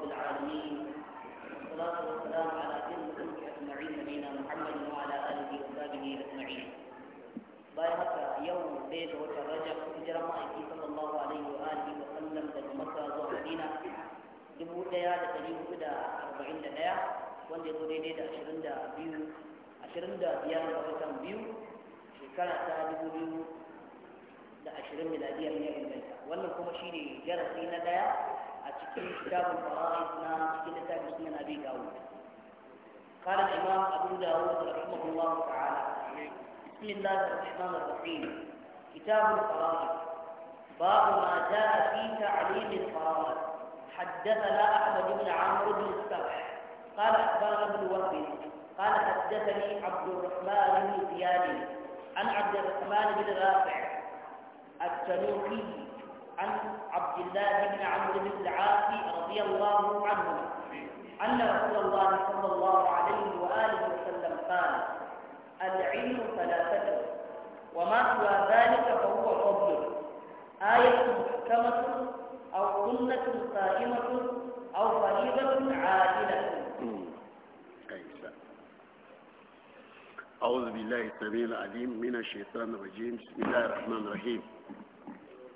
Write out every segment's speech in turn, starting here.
رب العالمين والصلاة والسلام على سيد الملك أجمعين نبينا محمد وعلى آله وصحبه أجمعين بايعك يوم بيت وترجع هجرة مائكي صلى الله عليه وآله وسلم daga Makka zuwa Madina dubu ɗaya da ɗari hudu da arba'in da ɗaya wanda ya zo daidai da ashirin da biyu ashirin da biyar ga watan biyu shekara ta dubu biyu da ashirin miladiyar ne inganta wannan kuma shine darasi na ɗaya كتاب القرآن نام في كتاب سنن أبي داود قال الإمام أبو داود رحمه الله تعالى بسم الله الرحمن الرحيم كتاب القرآن باب ما جاء في تعليم القرآن حدثنا أحمد بن عمرو بن السبح قال أخبرنا ابن وهب قال حدثني عبد الرحمن بن زياد عن عبد الرحمن بن رافع التنوخي عن عبد الله بن عمرو بن العاص رضي الله عنه أن رسول الله صلى الله عليه وآله وسلم قال العلم ثلاثة وما سوى ذلك فهو فضل آية محكمة أو سنة قائمة أو فريضة عادلة أعوذ بالله السميع العليم من الشيطان الرجيم بسم الله الرحمن الرحيم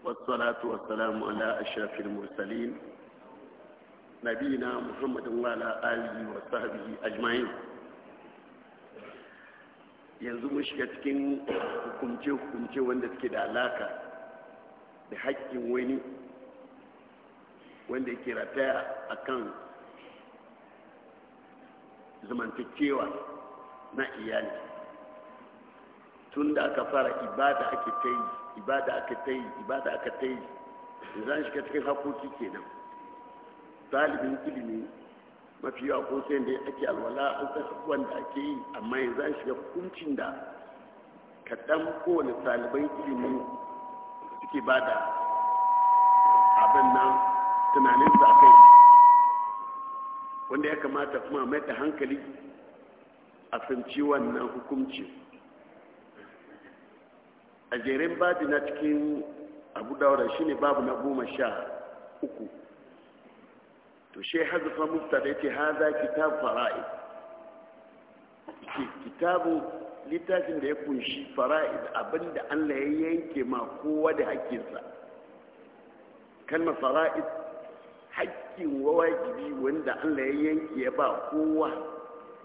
والصلاة والسلام على أشرف المرسلين نبينا محمد وعلى آله وصحبه أجمعين yanzu mun shiga cikin hukumce-hukumce wanda suke da alaka da haƙƙin wani wanda yake rataya a kan zamantakewa na iyali tun da aka fara ibada ake ta yi ibada aka ta yi ibada aka ta yi zan shiga cikin hakoki kenan talibin ilimi mafi yawa ko sai da ake alwala an san abubuwan da ake yi amma yanzu an shiga hukuncin da kaɗan kowane taliban ilimi suke ba da abin nan tunanin sa kai wanda ya kamata kuma mai da hankali a fahimci wannan hukuncin a jerin babi na cikin abu daura ne babu na goma sha uku to shi hazufa musta da yake haza kitab fara'id kitabu littafin da ya kunshi abin abinda allah ya yanke ma kowa da hakkinsa kalma fara'i hakkin bi wanda allah ya yanke ya ba kowa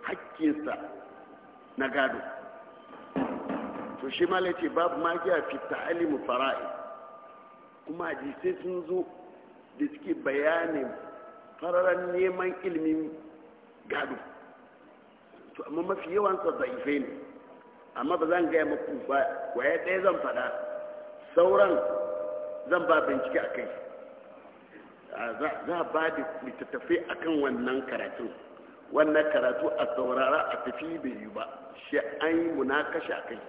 hakkinsa na gado to shi ma ce babu ma giya fi alimu fara'i kuma hadisai sun zo da suke bayanin fararen neman ilimin gado to amma mafi yawan sa zaife ne amma ba zan gaya maku ba waya ɗaya zan faɗa sauran zan ba bincike a kai za a ba da littattafai a kan wannan karatun wannan karatu a saurara a tafi bai yi ba shi an yi munakashi a kai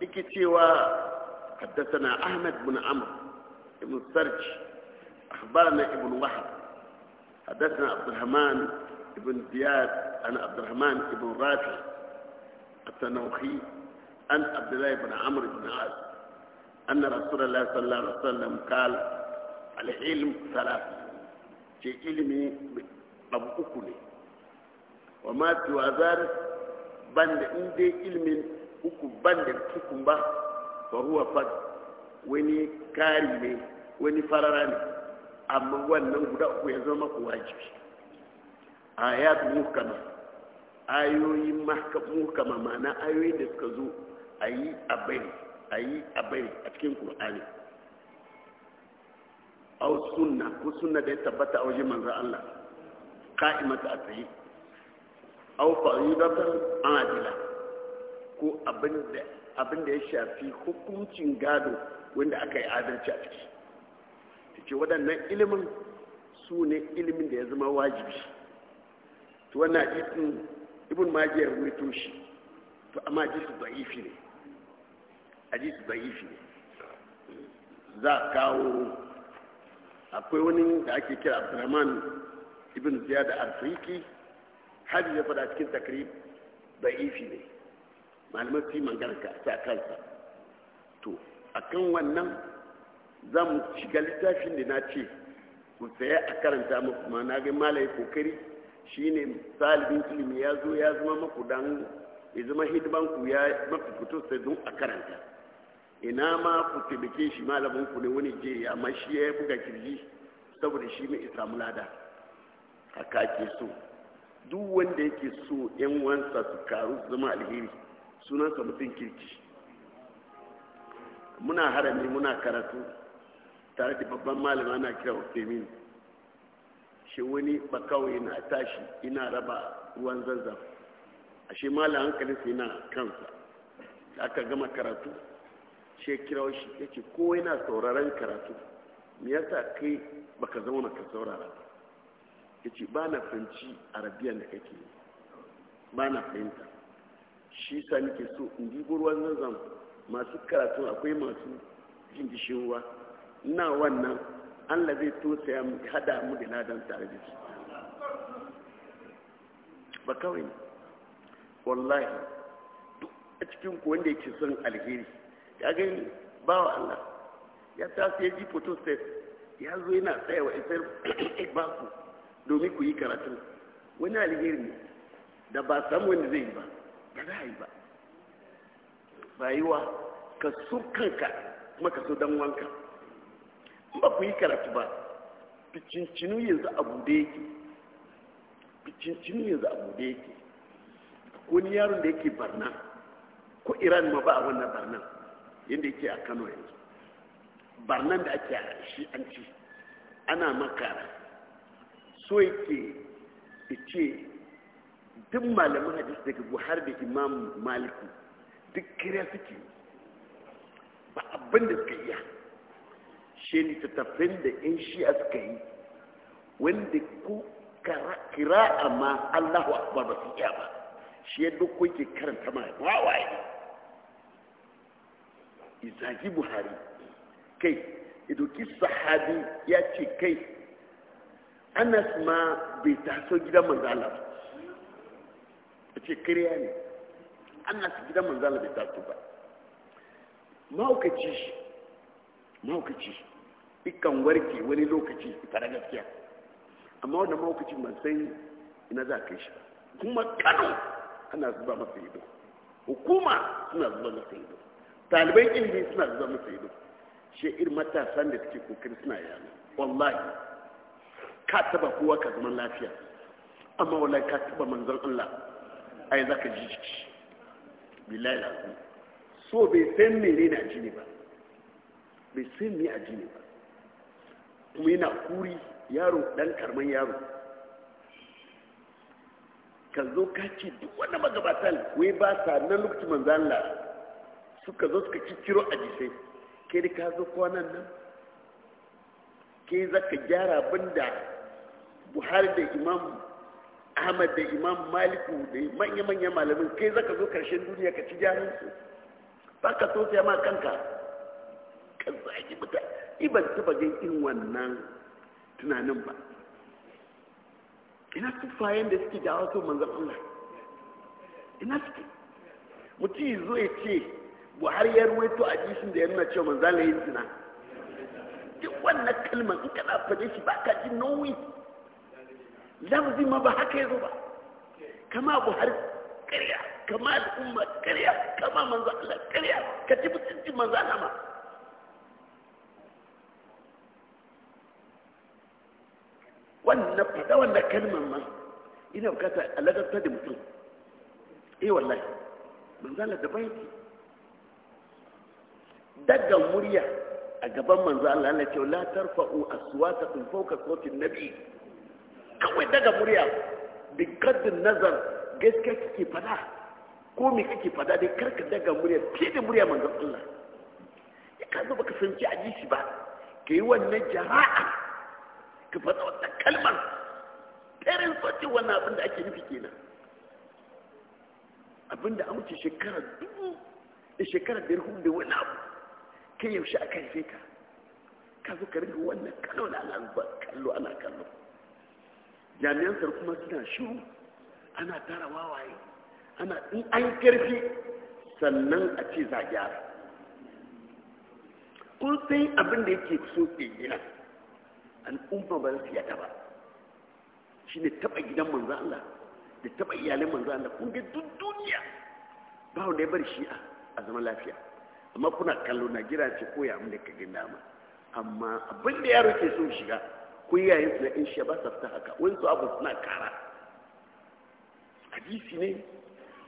لكتوى حدثنا أحمد بن عمرو بن السرج أخبرنا ابن وحد حدثنا عبد الرحمن بن زياد عن عبد الرحمن بن رافع التنوخي عن عبد الله بن عمرو بن عاد أن رسول الله صلى الله عليه وسلم قال العلم ثلاث في علمي أبو أكني وما سوى ذلك بند عندي علم ban da tukumba ba huwa fad wani kari ne wani farara ne amma wannan guda uku ya zama a ya fi muhkama ayoyi muhkama ma'ana ayoyi da suka zo a yi a a yi a a cikin qur'ani aw sunna ko sunna da ya tabbata a wajen manzan Allah ka'imata a tsaye aw fa'idatan adila ko abin da ya shafi hukuncin gado wanda aka yi adalci a ciki ta ce waɗannan ilimin su ne ilimin da ya zama wajibi to wannan ikin ibin majiyar ruwaito shi to amma jisu da'ifi ne a jisu da'ifi ne za a kawo akwai wani da ake kira abdulrahman ibin ziyar da arziki hajji ya faɗa cikin takrib da'ifi ne malamai su yi magana a kansa to a kan wannan za mu shiga littafin da na ce ku saya a karanta muku ma na ga malaye kokari shine salibin ilimi ya zo ya zama maku don ya zama hidiman ku ya mafi fito sai don a karanta ina ma ku taimake shi malamin ku ne wani je ya amma shi ya buga kirji saboda shi mai samu lada haka ke so duk wanda yake so yan wansa su karu zama alheri sunansa mutum kirki muna harami muna karatu tare da babban malama ana kira ofemin shi wani bakawai na tashi ina raba ruwan zanzan a shi malam hankalinsa yana kansa da aka gama karatu shi kira shi ya ce yana karatu mai yasa kai baka zauna ka saurara ya ce ba na fahimci arabiyan da kake ba na fahimta shi sa nike so in dibo ruwan zanzan masu karatu akwai masu jin gishin ruwa ina wannan allah zai tosaya ya hada mu da ladan tare da su ba kawai ne wallahi duk a cikin ku wanda yake son alheri ya gani ba wa allah ya tafi ya ji photostat ya zo yana tsayawa isar baku domin ku yi karatu wani alheri ne da ba samu wanda zai yi ba ba za a yi ba rayuwa ka so kanka kuma ka so dan wanka ba ku yi karatu ba ficincinu yanzu abu da yake ficincinu yanzu abu da yake ko ni yaron da yake barna ko iran ma ba a wannan barnan yadda yake a kano yanzu barnan da ake a shi an ci ana makara so yake ce duk malaman hadis daga buhari da imam maliki duk kira suke ba abin da suka iya shi littattafin da yan a suka yi wanda ku kira ma allahu akbar ba su iya ba shi ya duk ke karanta ma wawaye izaki buhari kai idoki sahabi ya ce kai anas ma bai taso gidan manzo ba a ce kariya ne Allah su gidan manzala bai taso ba maukaci shi maukaci ikan warke wani lokaci tare gaskiya amma wanda maukaci masai ina za ka shi kuma kano ana zuba masa ido hukuma suna zuba masa ido talibai ilimi suna zuba masa ido shi irin matasan da suke kokari suna yana wallahi ka taba kowa ka zaman lafiya amma wallahi ka taba manzon Allah ai zaka ji jiki billahi lafi so bai san mene na jini ba bai san me a jini ba kuma yana kuri yaro dan karman yaro ka zo ka ce duk wani magabatan wai ba sa na lokaci manzan la suka zo suka kikiro a jisai ke da ka zo kwanan nan ke za ka gyara abin da buhari da imam ahmad da imam Malik da manyan manya malamin kai zaka zo karshen duniya ka ci jarin su ba ka so sai ma kanka ka zaki mutan iban ba gan irin wannan tunanin ba ina tufayen da suke da wato manzan Allah ina suke mutum zo ya ce buhari ya ruwaito a jishin da ya nuna cewa manzan yin zina duk wannan kalmar in kana faɗe shi ba ka ji nauyi lafzin ma ba haka yazo ba kama buhari karya kama al'umma karya kama manzo Allah karya ka ci mutuncin manzo Allah ma wannan fada wannan kalmar ma ina bukata alagarta da mutum eh wallahi manzo Allah da bayyana daga murya a gaban manzo Allah Allah ce la tarfa'u aswatakum fawqa sawti nabi kawai daga murya da kaddin nazar gaskiya kake fada ko mai kake fada dai karka daga murya fiye da murya manzan Allah ya ka zo baka sanci a ji shi ba ka yi wannan jara'a ka fada wannan kalmar tarin sauti wannan abin da ake nufi kenan abin da an wuce shekara dubu da shekara biyar kuma da wani abu kai yaushe aka haife ka ka zo ka rinka wannan kano da ba kallo ana kallo jami'an tsaro kuma suna shiru ana tara wawaye ana in an karfi sannan a ce za gyara kun sai abin da yake so ke gina al'umma ba su yada ba shi ne taɓa gidan manzo Allah da taɓa iyalin manzo Allah kun ga duk duniya ba wanda ya bar shi a zama lafiya amma kuna kallo na gira ce koya abin da dama amma abin da yaro ke so shiga ko yayin su na in shi ba sa fita haka wani su abu suna kara hadisi ne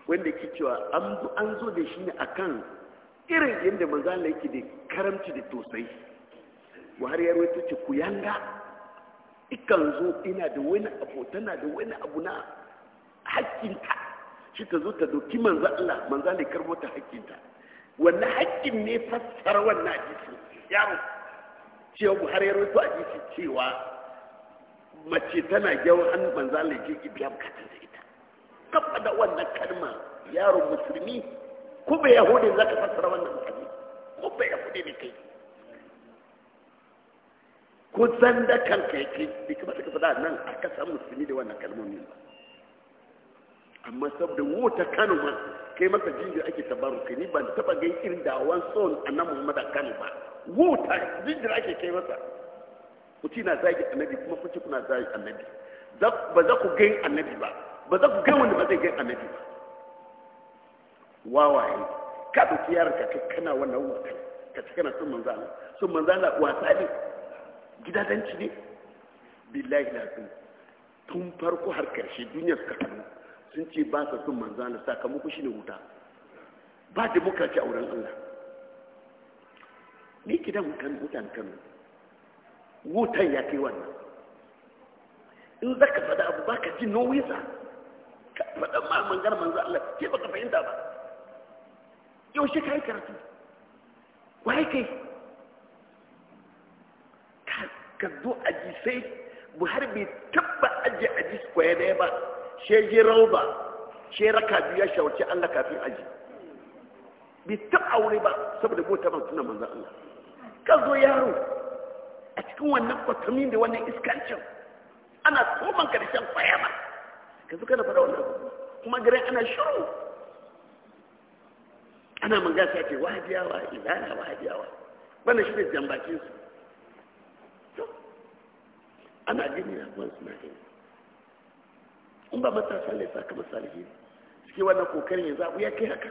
wanda ke cewa an zo da shi ne a kan irin yadda manzala yake da karamci da tosai har yaro ta ce ku yanga ikan zo ina da wani abu tana da wani abu na hakkinta shi ta zo ta doki manzala Allah ya karbo ta hakkinta wannan hakkin ne fassara wannan hadisi yaro cewa har yarwai ta hadisi cewa mace tana gyawar an banza Allah ya je biya bukatun da ita kafa da wannan kalma yaron musulmi ko bai yahudi ka fassara wannan musulmi ko bai yahudi ne kai ko da kanka ke bai kama ka fada nan a kasan musulmi da wannan kalmomin ba amma saboda wuta kano ma kai masa jinjir ake kai ni ban taba gai irin da awan son annabi muhammad kano ba wuta jinjir ake kai masa ku ci na zagi annabi kuma ku ci kuna zagi annabi ba za ku gani annabi ba ba za ku gani wanda ba zai gani annabi ba wawaye ka dauki yaron ka kai kana wannan wata ka ci kana sun manzana sun manzana wasa ne gidadanci ne billahi sun tun farko har karshe duniya suka hannu sun ce ba sa sun manzana sakamako shi ne wuta ba demokraci a wurin allah ni gidan mutane kano wutan ya kai wannan in za ka faɗa abu ba ka ji sa? ka faɗa ma mangar manzan Allah ce ba ka fahimta ba yaushe ka yi karatu waye kai ka zo a ji sai buhari bai taba aji aji kwaya ba sheji rauba ba, raka biyu ya shawarci Allah kafin aji bai taɓa aure ba saboda bota ban suna manzan Allah ka zo yaro a cikin wannan kwatamin da wannan iskancin ana tsoman karshen ba ka suka na fara wannan kuma garin ana shiru ana manga sa ce wahabiyawa ilana wahabiyawa wannan shi ne jambakin su to ana gini na kuma suna gini in ba matasa ne sa kama salihi suke wannan kokarin yanzu abu ya kai haka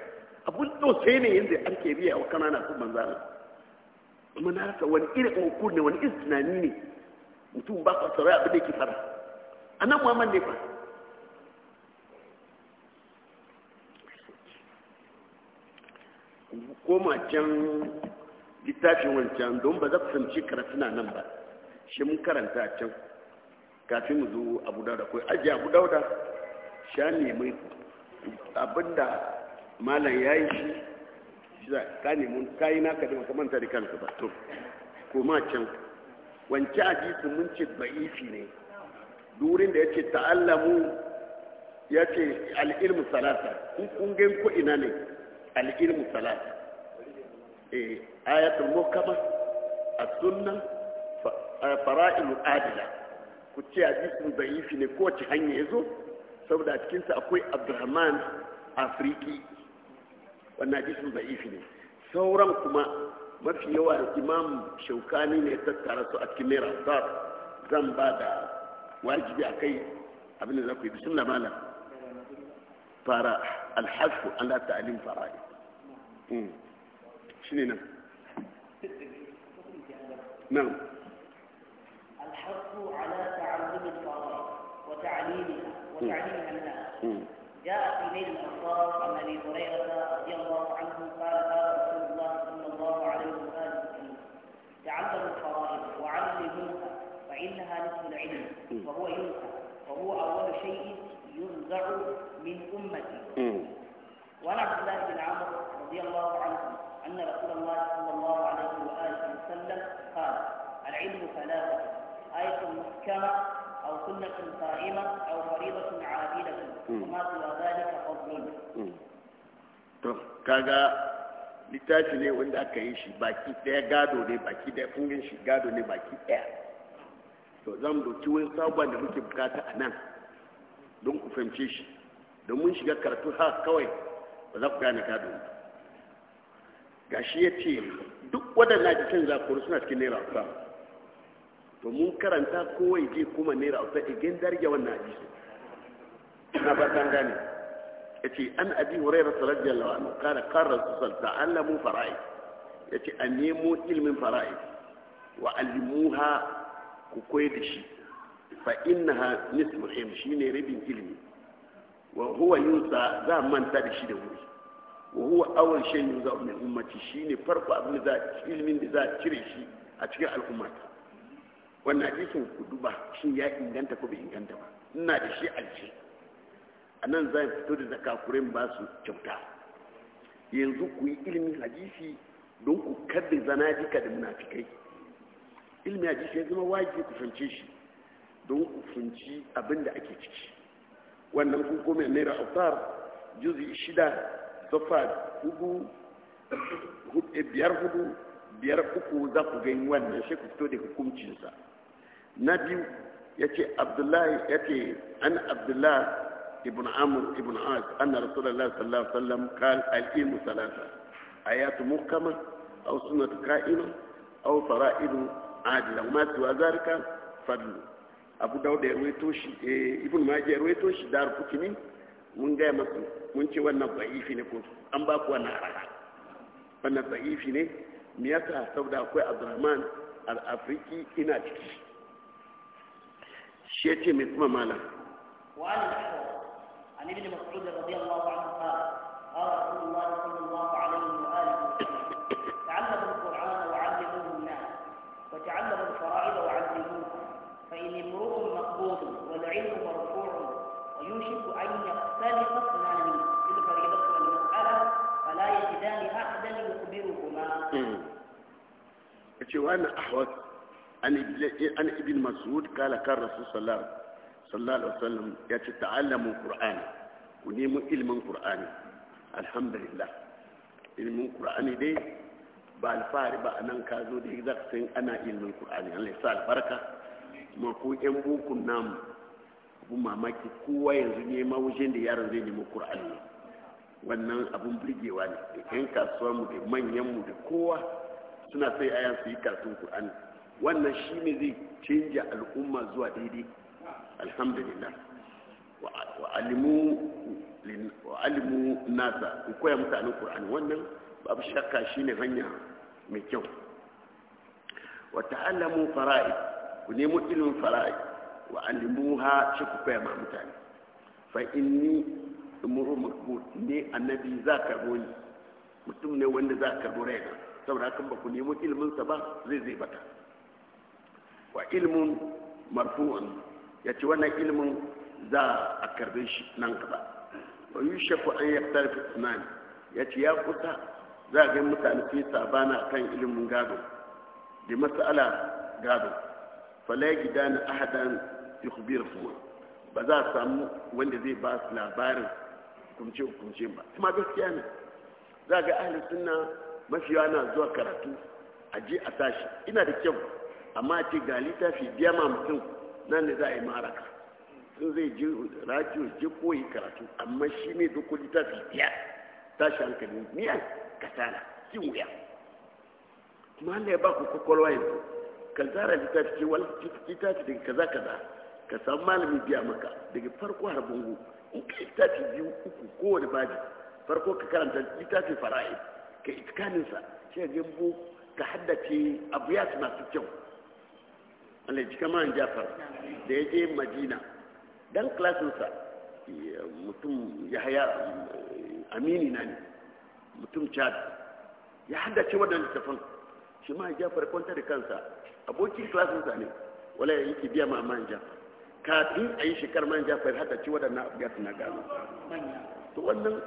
abun ɗauke ne yanzu an ke biya wa kamana kuma manzana kuma na rasa wani irin ukur ne wani irin tunani ne mutum ba ka saurari abin da ke fara a nan muhammad ne fa koma can littafin wancan don ba za ku fahimci karatuna nan ba shi mun karanta a can kafin mu zo abu dauda ko aji abu dauda sha nemi abinda malam ya yi shi za ka nemi ka yi naka da ka manta da kanka ba to koma can wancan hadisi mun ce da'ifi ne durin da ya yace ta'allamu yace al-ilmu salasa kun ga ko ina ne al-ilmu salasa eh ayatul muhkama as-sunnah eh, fara'il adila ku ce hadisin da'ifi ne ko ci hanya yazo saboda a cikinsa akwai abdurrahman afriki والناجس ضعيف ثورا كما ما في يوا الامام شوكاني ني تتكرا سو اكيميرا صار زمبادا واجبي أكيد ابن زكو بسم الله مالا فارا الحث على تعليم فرائض امم شنو نعم نعم الحث على تعلم الفرائض وتعليمها وتعليم الناس جاء في ليل الأنصار عن أبي هريرة رضي الله عنه قال قال رسول الله صلى الله عليه وآله وسلم تعلموا الفرائض وعلموها فإنها نصف العلم وهو ينسى وهو أول شيء ينزع من أمتي وعن عبد الله بن عمرو رضي الله عنه أن رسول الله صلى الله عليه وآله وسلم قال العلم ثلاثة آية محكمة أو سنة قائمة أو فريضة عادلة وما سوى ذلك فضل to kaga littafi ne wanda aka yi shi baki daya gado ne baki daya kungin shi gado ne baki daya to zan doki wani sabon da muke bukata a nan don ku fahimce shi don mun shiga karatu ha kawai ba za ku gane gado ne ga shi ya ce duk waɗannan jikin zakuru suna cikin naira kusa to mun karanta kowai je kuma naira uta igin darge wannan hadisi na fatan gane yace an abi hurairah radiyallahu anhu kana qala rasul ta'allamu fara'i yace an nemo ilmin fara'i wa allimuha ku koyi da shi fa innaha nisfu ilm shine rabin ilmi wa huwa yusa za manta da shi da wuri wa huwa awwal shay yuza min ummati shine farko abin da ilmin da za a cire shi a cikin al'ummata wannan hadisin ku duba shi ya inganta ko bai inganta ba ina da shi ce a nan zan fito da zakakurin ba su kyauta yanzu ku yi ilimin hadisi don ku kadda zanadika da munafikai ilimin hadisi ya zama wajibi ku shi don ku fahimci abin da ake ciki wannan kun kome naira autar juzi shida zafa hudu biyar hudu biyar uku za ku gani wannan shi ku fito da hukuncinsa na biyu ya ce abdullahi ya ce an abdullahi ibn amur ibn az anna rasulullah sallallahu alaihi wasallam a wasu na tuka ino a wasu fara qa'ima a fara'idu adila ma a zarika fadlu abu dauda ya ruwaito shi eh, ibn maji ya ruwaito shi dar kutini mun gaya masu mun ce wannan ba'ifi ne ko an ba ku wannan arara wannan ba'ifi ne me yasa saboda akwai abdurrahman al-afriki ina ciki shi من ce مالا kuma وعن عن ابن مسعود رضي الله عنه قال قال رسول الله صلى الله عليه واله وسلم تعلموا القران وعلموه الناس وتعلموا الفرائض وعلموها فان امرؤ مقبول والعلم مرفوع ويوشك ان يختلف اثنان في الفريضه والمساله فلا يجدان احدا يخبرهما. وعن احوث an ibn mas'ud kala kan rasul sallallahu alaihi wasallam ya ce ta'allamu qur'ani ku nemi ilimin qur'ani alhamdulillah ilimin qur'ani dai ba alfahari ba anan ka zo da exactin ana ilimin qur'ani Allah ya sa albarka kuma yan bukun namu abun mamaki kowa yanzu ma wajen da yaron zai nemi qur'ani wannan abun birgewa ne yan kasuwa mu da manyan mu da kowa suna sai ayan su yi karatun qur'ani wannan shi ne zai canja al'umma zuwa daidai alhamdulillah wa alimu nasa ku koya mutanen ƙura'ani wannan babu shakka shi ne hanya mai kyau wa ta'allamu fara'i ku nemo ilimin fara'i wa alimu ha ce ku koya ma mutane fa inni umuru makbul ne annabi za ka ni mutum ne wanda za ka karbo raina saboda haka ba ku nemo ilimin sa ba zai zai bata wa ilmun marfu'un ya ce wannan ilmin za a karbe shi nan gaba wa yi shafa an ya tarfi tunani, ya ce ya kusa za a ga mutane fi sabana kan ilmin gado da matsala gado falai gida na ahadan yukhbir kuma ba za a samu wanda zai ba su labarin hukumce hukumce ba kuma gaskiya ne za a ga ahalin sunna mafiya na zuwa karatu a je a tashi ina da kyau amma ce ga littafi biya ma mutum nan ne za a yi ka sun zai ji rajiyo ji koyi karatu amma shi ne duk littafi biya tashi hankali miya kasala ki wuya kuma ne ya ba ku kwakwalwa yanzu ka zara littafi ce wani littafi daga kaza kaza ka samu malami biya maka daga farko har bango in ka littafi biyu uku kowane baji farko ka karanta littafi fara'i ka itkaninsa shi ga ka haddace abu ya masu kyau Allah cika man Jafar da ya je Madina dan klasinsa mutum Yahya Amini na ne mutum Chad ya hada ce wadannan littafin shi ma Jafar kwanta da kansa abokin klasinsa ne wala yake biya ma man Jafar kafin a yi shekar man Jafar haddace wadannan ya na gano to wannan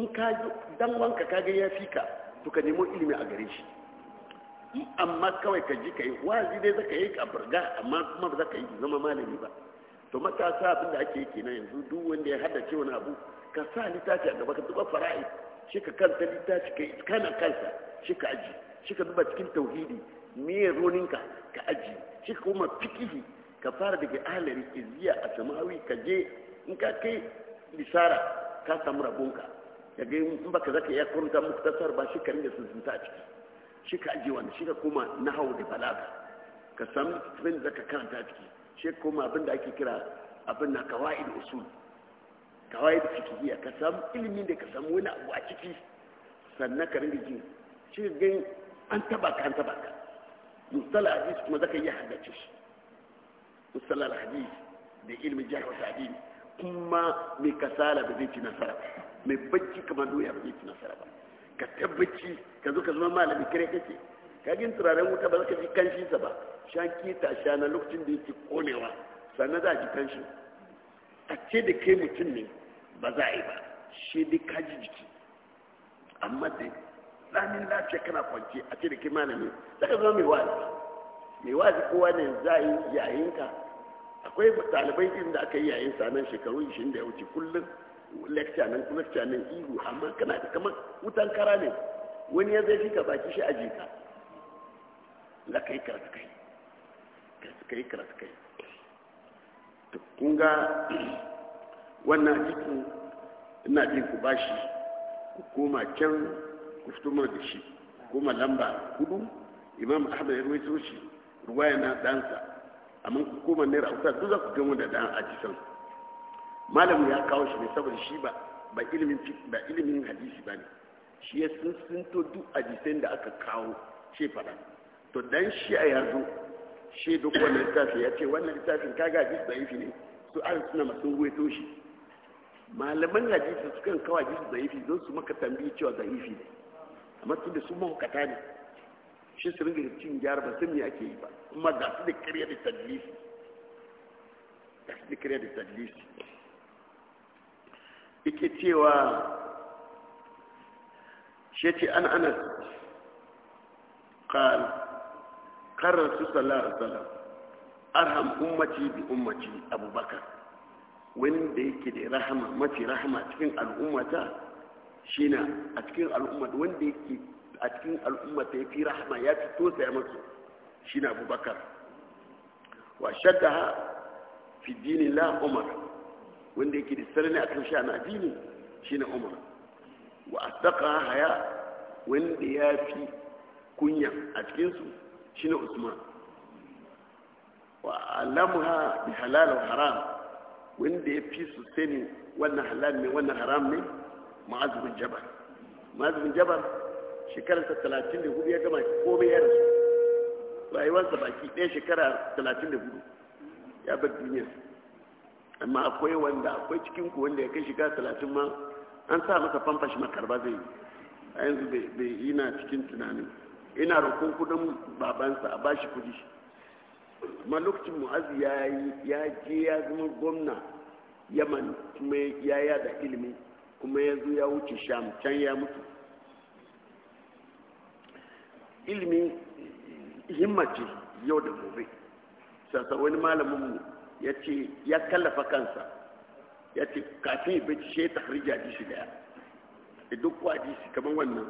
in ka dan wanka kage ya fika to ka nemo ilimi a gare shi amma kawai ka ji ka yi wazi dai zaka yi a amma kuma ba zaka yi zama malami ba to matasa abin da ake kenan yanzu duk wanda ya hada cewa abu ka sa littafi a gaba ka duba fara'i shi ka kanta littafi ka kana kansa shi ka aji shi ka duba cikin tauhidi miye roninka ka aji shi ka kuma fikihi ka fara daga ahalari iziya a samawi ka je in ka kai lisara ka samu rabonka ka ga in baka zaka iya kurunta muktasar ba shi ka ringa sun a ciki shi ka ajiye wani shi ka koma nahawu da balaga ka san abin da ka karanta ciki shi koma abin da ake kira abin na da usul kawai da fikiyya ka samu ilimin da ka samu wani abu a ciki sannan ka ringa jin shi gan an taba ka an taba ka mustala hadis kuma zaka iya haddace shi mustala hadis da ilimin jihar wata adini kuma mai kasala ba zai ci nasara mai bacci kamar doya ba zai ci nasara ba ka tabbaci ka zo ka zama malami kare kake gin turaren wuta ba za ka ji kanshi sa ba shan ta sha na lokacin da yake konewa sannan za a ji kanshi a ce da kai mutum ne ba za a yi ba shi dai ka ji jiki amma dai tsamin lafiya kana kwance a ce da kai malami za ka zama mai wazi mai wazi kowa ne za a yi yayinka akwai talibai din da aka yi yayin sanan shekaru 20 da ya wuce kullum lecture nan lecture nan ihu amma kana da kamar wutan kara ne wani ya zai ka baki shi a jika la kai karaskai karaskai karaskai to kun ga wannan jikin ina jin ku bashi ku koma can ku fito mana da shi koma lamba hudu imam ahmad ya ruwaito shi ruwaya na dansa amma ku koma naira uku duk za ku gamo da dan ajisan malamu ya kawo shi ne saboda shi ba ba ilimin ba ilimin hadisi bane shi ya sun to duk ajisan da aka kawo ce fara to dan shi a yanzu shi duk wannan littafi ya ce wannan littafin ga hadis da yafi ne su an suna masu ruwaito shi malaman hadisi su kan kawo jisu da yafi don su maka tambayi cewa da ne amma su da su mahaukata ne shi su ringa cin gyara ba sun me ake yi ba kuma ga su da karya da tadlisi ga su da karya da tadlisi ike cewa shi ce an anas قال قرر su الله عليه arham ummaci bi ummaci abubakar wanda yake da rahama mafi rahama cikin al'ummata na a cikin al'ummata wanda yake a cikin al'ummata fi rahama ya fi ya masu shi na abubakar wa ha fi dini la umar wanda yake da sarani na sha'an shi na umar wa attaka haya wanda ya fi kunya a cikinsu shine usman wa alamuha bi halal wa haram wanda ya fi su sani wannan halal ne wannan haram ne ma'azubin jabal ma'azubin jabal shekararsa talatin da hudu ya gama komai ya rasu rayuwarsa baki ɗaya shekara talatin da hudu ya bar duniya amma akwai wanda akwai cikin ku wanda ya kai shiga talatin ma an sa masa famfa makarba zai a yanzu bai na cikin tunani ina roƙon kudin babansa a bashi kudi amma lokacin mu'azi ya je ya zama gwamna yaman kuma ya da ilimi kuma ya zo ya wuce sham can ya mutu ilimi himmace yau da gobe sassa wani malamin mu ya ce ya kallafa kansa ya ce kafin ya bai ce ta harija hadisi daya da duk wa hadisi kamar wannan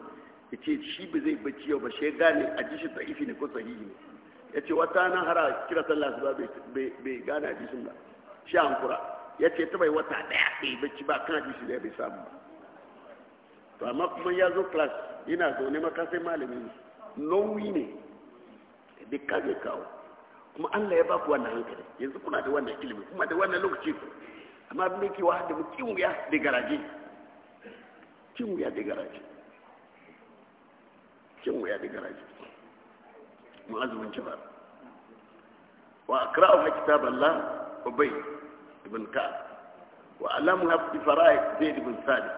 ya ce shi ba zai bacci yau ba shi gane hadisi ta ifi ne ko sahihi ne ya ce wata na hara kira sallah su ba bai gane hadisin ba shi kura ya ce ta bai wata daya bai bacci ba kan hadisi daya bai samu ba to amma kuma ya zo class yana zo ne makasai malami ne nauyi ne da kaje kawo kuma Allah ya ba ku wannan hankali yanzu kuna da wannan ilimi kuma da wannan lokaci amma abin da ke wa da mutum wuya da garaje cin wuya da garaje cin wuya da garaje mu'azumin jabar wa akra'u ha kitaballah ubay ibn ka. wa alamu hafi fara'i zai ibn Sadi.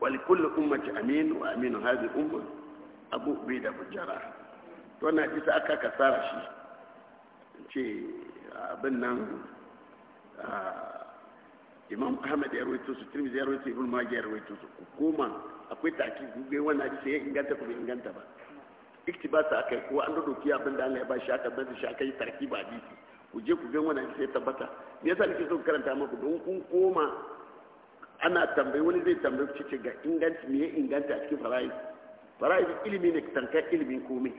Wani li kulli ummati amin wa aminu hadhihi umar abu bai bin jara. to na isa aka kasara shi ce abin nan Ah, imam ahmad ya rawaito su tirmidhi ya rawaito ibn majah ya rawaito su ku koma akwai taki gugai wannan hadisi ya inganta ko bai inganta ba iktibas akai ko an dodo kiya abinda Allah ya ba shi aka bar shi aka yi tarkiba hadisi ku je ku ga wannan hadisi ya tabbata me yasa nake so karanta maku don kun koma ana tambayi wani zai tambayi ku ce ga inganci me ya inganta a cikin fara'id fara'id ilimi ne tankar ilimin komai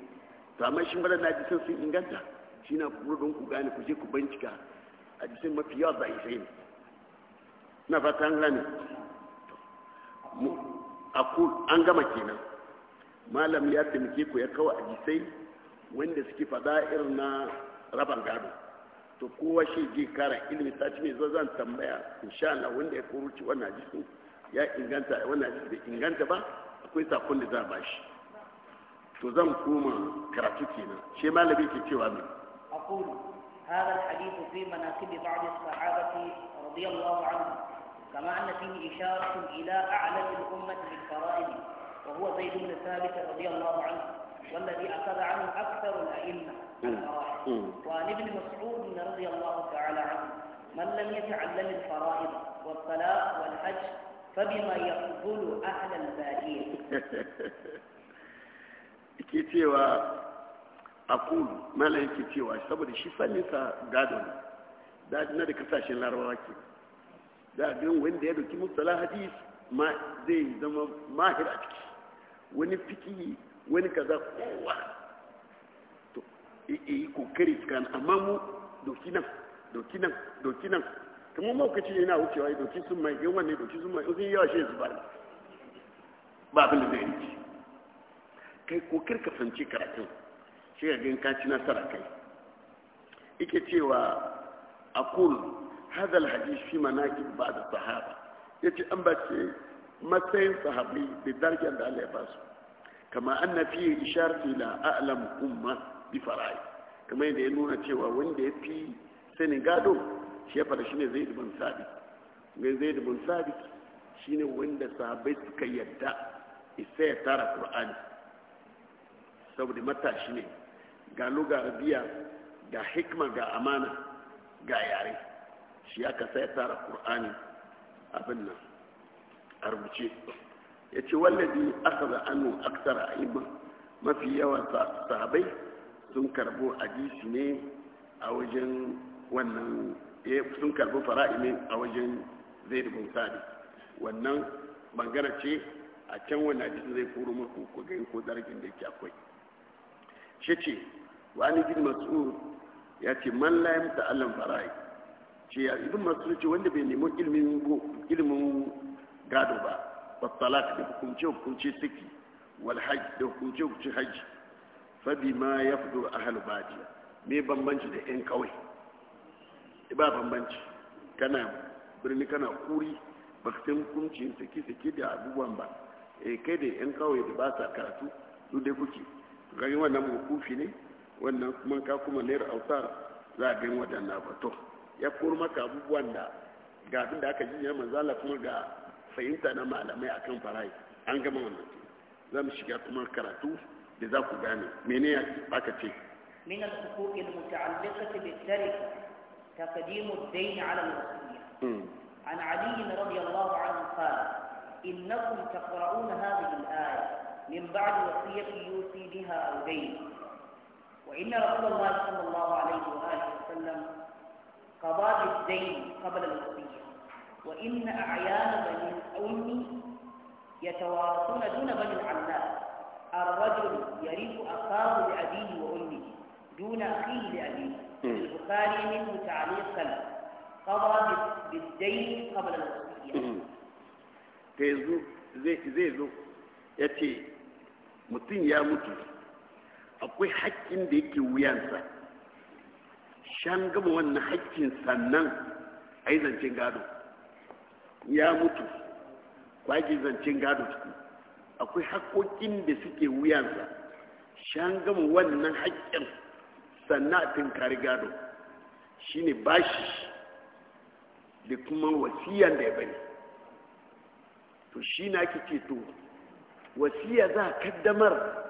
to amma shi bala na ji sun inganta shi na don ku gane ku je ku bincika hadisai mafi yawa da'ifai ne na fatan gane an gama kenan malam ya taimake ku ya kawo hadisai wanda suke fada irin na rabar gado to kowa shi ji kara ilimin sati mai zo zan tambaya insha Allah wanda ya kuruci wannan hadisin ya inganta wannan hadisi bai inganta ba akwai sakon da za a bashi to zan koma karatu kenan shi malami ke cewa mai هذا الحديث في مناكب بعض الصحابة رضي الله عنهم كما أن فيه إشارة إلى أعلم الأمة بالفرائض وهو زيد بن ثابت رضي الله عنه والذي أخذ عنه أكثر الأئمة وعن ابن مسعود رضي الله تعالى عنه من لم يتعلم الفرائض والصلاة والحج فبما يقبل أهل البادية كتير akulu mala yake cewa saboda shi fallisa gadon da na da kasashen larabawa ke da gan wanda ya doki mustala hadis ma zai zama mahir a ciki wani fiki wani kaza kowa to yi kokari kan amma mu doki nan doki nan doki nan kamar maukaci ne na wucewa doki sun mai gan wannan doki sun mai yi yawa shi yanzu ba abin da zai rike kai kokar ka fanci karatun sai ga ka ci nasara kai ike cewa aqul hadha alhadith fi manaqib ba'd as-sahaba yace an bace matsayin sahabi da darajar da Allah ya ba su kama anna fi isharati la a'lam umma bi fara'i kama yadda ya nuna cewa wanda ya fi sanin gado shi ya fara shine zaid bin sabit ga zaid bin sabit shine wanda sahabai suka yadda isa ya tara kur'ani saboda matashi ne ga luga ga hikma ga amana ga yare shi aka sai tara qur'ani abin nan a rubuce ya ce wallazi aka za anu aksara a mafi yawan sabai sun karbo hadisi ne a wajen wannan eh, sun karbo fara'i a wajen zai rubin sadi wannan bangare ce a can wani hadisi zai furo muku ku ga ko zargin da yake akwai shi ce wani bin mas'ud ya ce man la yamta allan fara'i ce ya ibn mas'ud ce wanda bai nemi ilimin ilimin gado ba wa talak da hukunce hukunce saki wal hajj da hukunce hukunce hajj fa bima yafdu ahlu badiya me bambanci da yan kawai e, ba bambanci kana birni kana kuri bakitin san hukuncin saki da abubuwan ba eh kai da yan kawai da ba sa karatu su dai kuke to kaga wannan hukunci ne wannan kuma ka kuma layar autar za a gan waɗannan bato ya koro maka abubuwan da ga abin da aka ji ya manzala kuma ga fahimta na malamai akan farayi an gama wannan za mu shiga kuma karatu da za ku gane mene ya aka ce min al-huquq al-muta'alliqah bil-tarika taqdim ad-dayn 'ala al-wasiyya an 'ali radiyallahu anhu qala إنكم تقرؤون هذه الآية من بعد وصية يوصي بها أو دين وإن رسول الله صلى الله عليه وآله وسلم قضى بالدين قبل الوصية وإن أعيان بني الأم يتوارثون دون بني العلاء الرجل يرث أخاه لأبيه وأمه دون أخيه لأبيه البخاري منه تعليقا قضى بالدين قبل الوصية zai zo ya ce mutum ya mutu akwai haƙƙin da yake wuyansa shan gaba wannan haƙƙin sannan a yi zancen gado ya mutu kwaki zancen gado ciki akwai haƙoƙin da suke wuyansa shan gama wannan haƙƙin sannan a tunkari gado shi ne bashi da kuma wasiyan da ya bari to shi na ake ce to wasiya za a kaddamar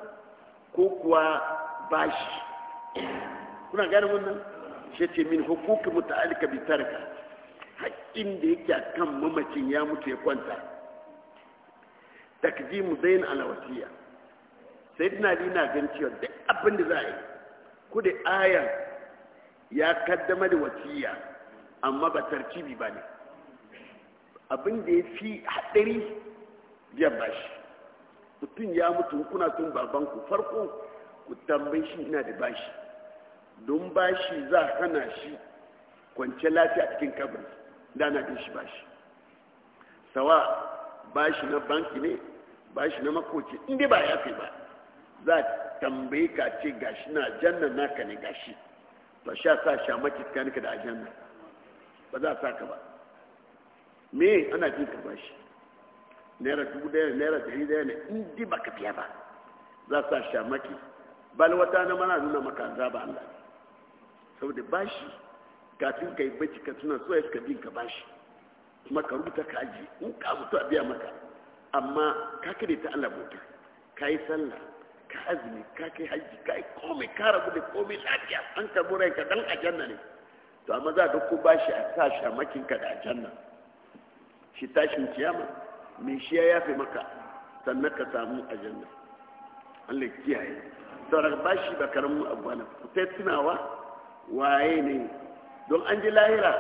ko kuwa bashi kuna gane wannan shi ce min hukuki muta'alika bi tarka haƙƙin da yake a kan mamacin ya mutu ya kwanta takdimu zain ala wasiya sayyidina ali na gan cewa duk abin da za a yi ku da ayan ya kaddama da wasiya amma ba tarkibi ba ne abin da ya fi haɗari biyan bashi mutum ya mutu kuna tun babanku farko ku tambayi shi ina da bashi don bashi za a hana shi kwanci lafiya a cikin kabin da na bin shi bashi sawa bashi na banki ne bashi na makoci inda ba ya fi ba za a tambaye ka ce gashi na na naka ne gashi to sha sa sha maki tsakanika da ajanna ba za a sa ka ba me ana jin ka bashi naira dubu daya naira dari daya ne in di baka biya ba za sha maki bal wata na mana nuna maka ba Allah saboda bashi kafin kai bacci ka tuna so ka bin ka bashi kuma ka rubuta ka aji in ka mutu a biya maka amma ka kade ta Allah bauta ka yi sallah ka azumi ka kai haji ka yi komai ka rabu da komai lafiya an karbo rai ka dan ajanna ne to amma za ka ko bashi a sa shamakin ka da ajanna shi tashin kiyama mai shi ya yafe maka sannan ka samu aljanna Allah kiyaye saboda ba shi ba karamin abu ne ku ta tunawa waye ne don an ji lahira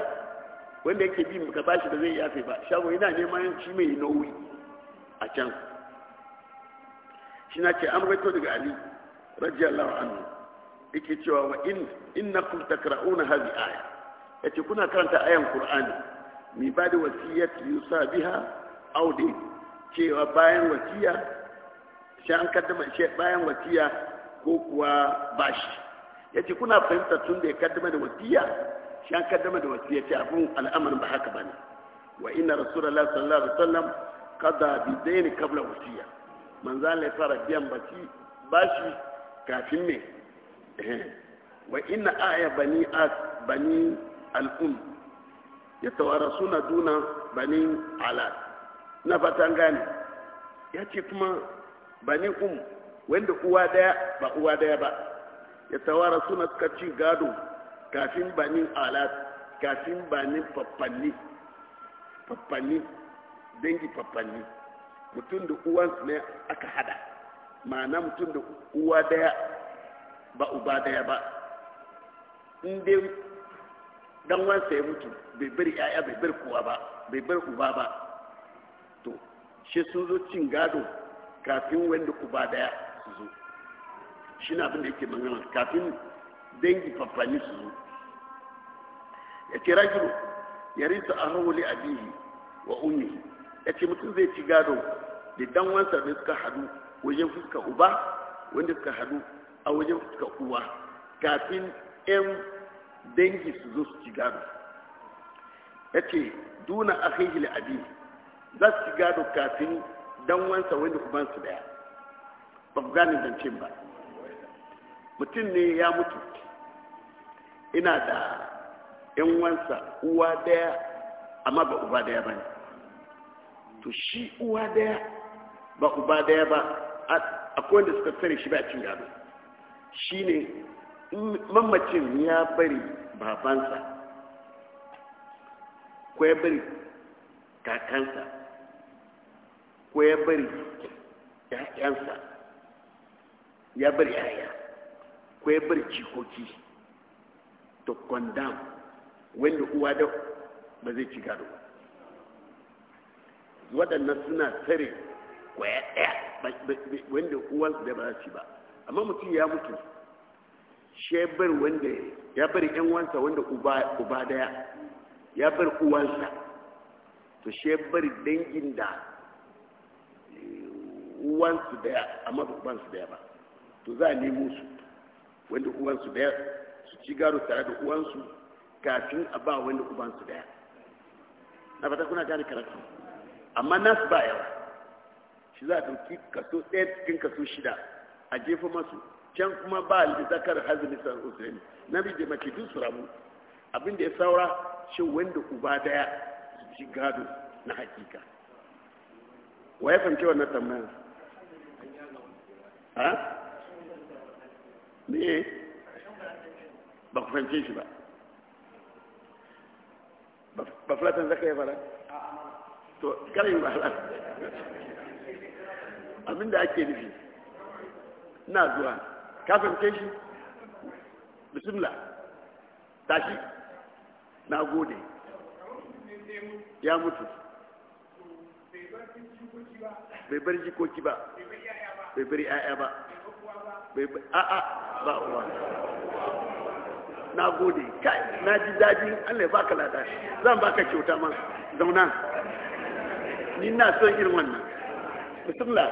wanda yake bi maka ba shi da zai yafe ba shago yana neman shi mai nauyi a can shi na ce an raito daga ali radiyallahu anhu yake cewa wa in innakum takra'una hadhihi aya yace kuna karanta ayan qur'ani mi ba da wasiyati yusa biha audi cewa bayan wasiya sai an kaddama shi bayan wasiya ko kuwa bashi ya ce kuna fahimta tun da ya kaddama da wasiya shi an kaddama da wasiya ce abun al'amarin ba haka ba ne wa ina rasulullah sallallahu alaihi wasallam qada bi daini qabla wasiya manzo Allah ya fara biyan bashi bashi kafin me wa ina aya bani as bani al ya yatawarasuna suna duna bani alat na fatan gane ya ce kuma ba ni um wanda uwa daya ba uwa daya ba ya tawara suna suka ci gado kafin ni alat kafin ni fafanni fafanni dangi fafanni mutum da uwansu ne aka hada ma'ana mutum da uwa daya ba uba daya ba inda dan wansa ya mutu bai bari yaya bai bari kowa ba bai bari uba ba to shi sun zo cin gado kafin wanda uba daya su zo shi na abin da yake magana kafin dangi fafani su zo ya ce ragiru ya risa a hawali abihi wa unyi. ya ce mutum zai ci gado da dan wansa da suka hadu wajen fuska uba wanda suka hadu a wajen fuska uwa kafin 'yan dangi su zo su ci gado ya ce duna a hajjili abin. za su ci gado kafin dan wansa wani kuma su daya ba ku gane zancen ba mutum ne ya mutu ina da yan wansa uwa daya amma ba uba daya ba ne to shi uwa daya ba uba daya ba akwai wanda suka tsare shi ba cin gado shi ne mamacin ya bari babansa ko ya bari kakansa ko ya bari ‘ya'yansa ya bari ‘ya'ya ko ya bari cikoki to condemn wanda uwa da ba zai ci gado waɗannan suna tsare kwaya ɗaya wanda uwa da ba ci ba amma mutum ya mutu shebar wanda ya bari ‘yan wansa wanda uba daya ya bari uwansa to shebar dangin da uwansu daya amma ba ubansu daya ba to za a nemo su wanda uwansu daya su ci gado tare da uwansu kafin a ba wanda uwansu daya na fata kuna gane karatu amma nasu ba yawa shi za a ɗauki kaso ɗaya cikin kaso shida a jefa masu can kuma ba zakar hazini san usaini na bi jimaki duk su ramu abin da ya saura shi wanda uba daya su ci gado na hakika wa ya fanke wannan tambayar ha me ba ku fahimce shi ba ba fulatan zaka yi fara to kare yi ba abinda ake nufi na zuwa ka fahimce shi bismillah tashi na gode ya mutu bai bar jikoki ba bai bari aya ba bai a'a ba uwa na gode kai na ji daji Allah b'a baka lada zan baka kyauta ma zauna ni na son irin wannan bismillah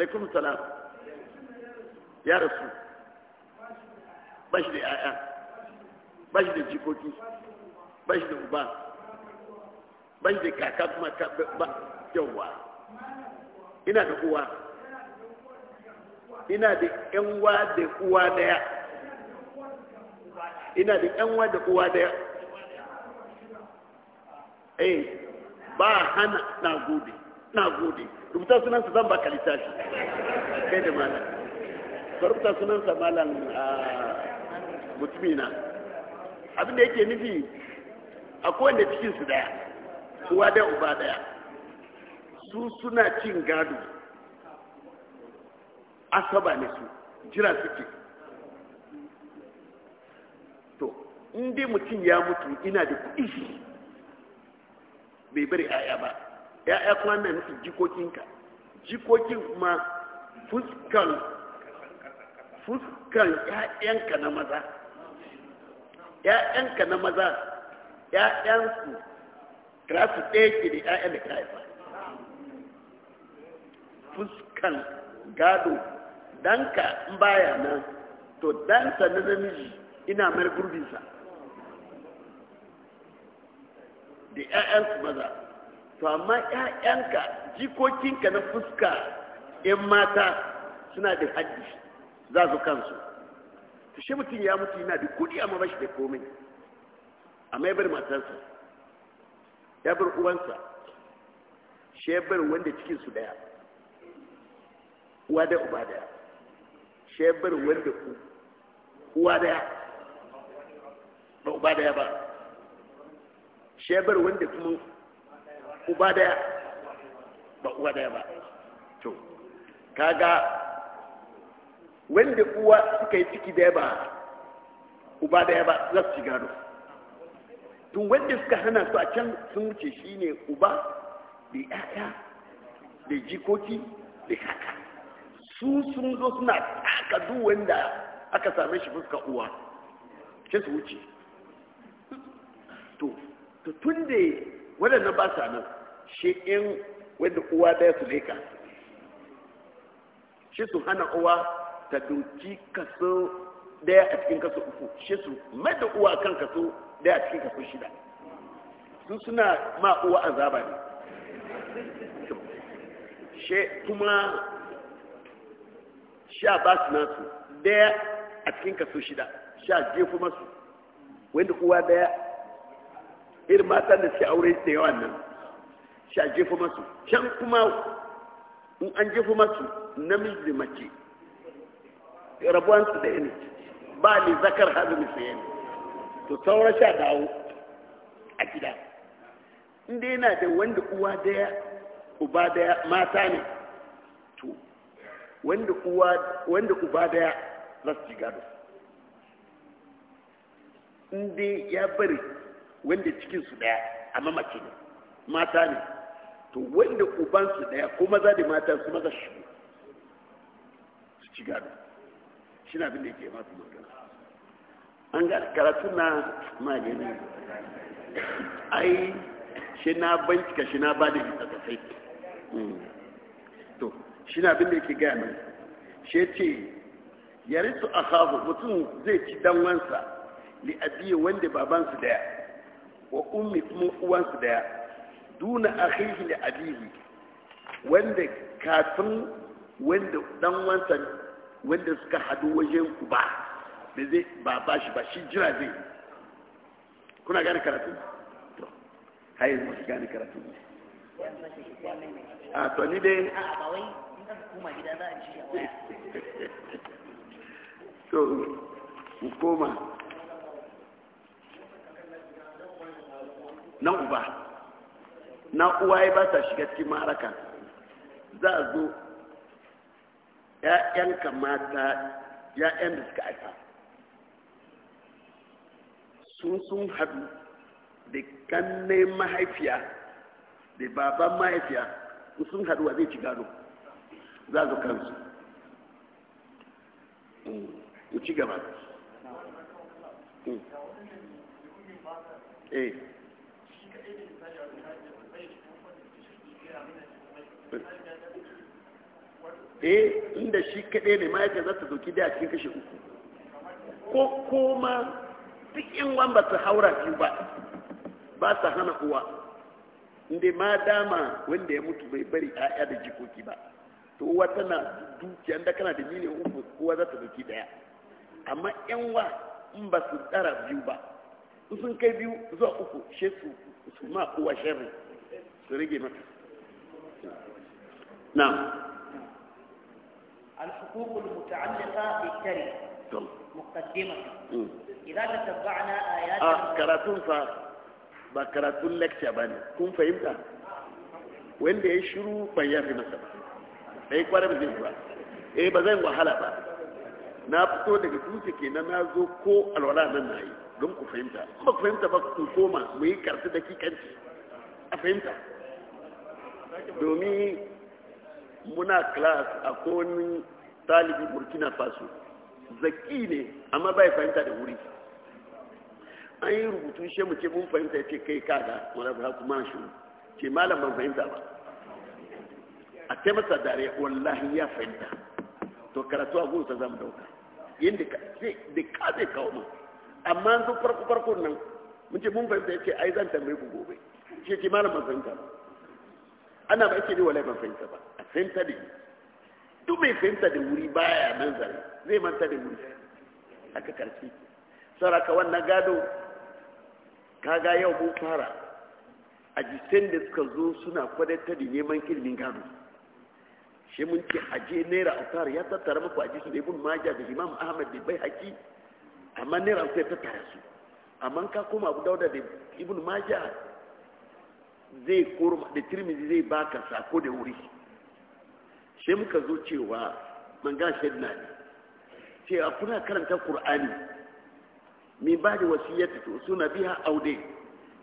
alaikum salam ya rasu ba shi da ƴaƴa ba shi da jikoki ba shi da uba ba shi da kaka kuma yawa ina da uwa ina da ‘yanwa’ wa da daya ina da ‘yanwa” wa da uwa daya eh ba hana na gode na gode rubuta sunansa zan baka littafi kai da malam ka rubuta sunansa malam ah, mutumina abinda yake nufi a kowanne cikinsu daya kuwa daya uba daya su suna cin gado asaba ne su jira suke to inda mutum ya mutu ina da kuɗi bai bari 'ya'ya ba 'ya'ya kuma na nufi jikokinka jikokin kuma fuskan fuskan 'ya'yanka na maza 'ya'yanka na maza 'ya'yansu grafi ɗaya ke da 'ya'yan da ka haifa fuskan gado danka in baya nan to dansa na namiji ina mai gurbinsa da 'ya'yansu maza to amma 'ya'yanka jikokinka na fuska 'yan mata suna da haddi za su kansu to shi mutum ya mutu yana da kudi amma ba shi da komai amma ya bar matarsa ya bar uwansa shi ya bar wanda cikinsu daya uwa da uba daya shebar wanda ku uwa daya ba uba daya ba shebar wanda kuma uba daya ba uwa daya ba to kaga wanda uwa suka yi ciki daya ba uba daya ba za su ci gado tun wanda suka hana su a can sun wuce shine uba da 'ya'ya da jikoki da kaka su sun zo suna taka duk wanda aka same shi fuska uwa shi su wuce to tun da waɗannan ba sa nan shi in wanda uwa daya su leka shi su hana uwa ta doki kaso daya a cikin kaso uku shi su mai da uwa kan kaso daya a cikin kaso shida su suna ma uwa azaba ne shi kuma sha ba su nasu daya a cikin kaso shida sha jefu masu wanda uwa daya irin matan da suke aure da yawa nan sha jefu masu can kuma in an jefu masu namiji da mace rabuwansu da yanayi ba ne zakar hadu misayen to sauran sha dawo a gida inda yana da wanda uwa daya uba daya mata ne wanda uwa wanda uba daya za su ji gado in dai ya bari wanda cikin su daya a mamaki ne mata ne to wanda uban su daya ko maza da mata su maza shi su ci gado shi na abin da yake masu magana an ga karatu na magani ai shi na bincika shi na ba da yi tsakasai hmm. to shi na abin da yake gaya mai shi ce yare su a kafu mutum zai ci danwansa li abiye wanda babansu daya wa ummi kuma uwansu daya duna akhihi li abihi wanda kafin wanda danwansa wanda suka hadu wajen ku ba da zai ba ba shi ba shi jira zai kuna gane karatu to hayin musu gane karatu a to ni dai koma gida za a a waya mu koma na uba na ya ba ta shiga cikin maraka za a zo ‘ya'yanka kamata, ‘ya'yan da suka aika sun sun haɗu da kanne mahaifiya da baban mahaifiya sun haɗu wa zai ci gano za su kansu ku ci gaba eh, eh. eh inda shi kaɗai ne ma'aikata za ta doki da cikin kashe uku ko koma duk in wan ba su haura biyu ba ba su hana uwa inda ma dama wanda ya mutu bai bari 'ya'ya da jikoki ba to uwa tana dukiyar da kana da miliyan uku kowa za ta dauki daya amma yan wa in ba su tsara biyu ba sun kai biyu zuwa uku she su su ma uwa sharri su rage mata na. na'am الحقوق المتعلقة بالشركة مقدمة إذا تتبعنا آيات آه كراتون فا ba karatun lecture ba ne kun fahimta wanda ya shiru ban yafi masa ba na yi kwarar zai ba eh ba zan wahala ba na fito daga tushe ke na zo ko alwala nan na yi don ku fahimta ba ku fahimta ba ku koma mu yi karfi da kikanci a fahimta domin muna klas a konin talibi burkina faso zaki ne amma bai fahimta da wuri an yi rubutu shi mu ce mun fahimta ya ce kai kada, wani kuma shi ce malam ban fahimta ba a taimasa dare wallahi ya fahimta to karatu a gudu ta zamu dauka yadda da ka zai kawo mu amma yanzu farko farko nan mun ce mun fahimta ya ce ai zan tambaye ku gobe shi ke malam ban fahimta ba ana ba ake ne wallahi ban fahimta ba a fahimta da yi duk mai fahimta da wuri baya nan zare zai manta da wuri haka karfi saraka wannan gado kaga yau mun fara a da suka zo suna kwadata da neman ilimin gado shi mun ce je naira autar ya tattara muku a su da ibn majah da imam ahmad da bai haki amma naira autar ya tattara su amma ka koma abu dauda da ibn majah zai koro da tirmizi zai baka sako da wuri shi muka zo cewa manga na ne cewa kuna karanta qur'ani min ba da wasiyyati to suna biya aude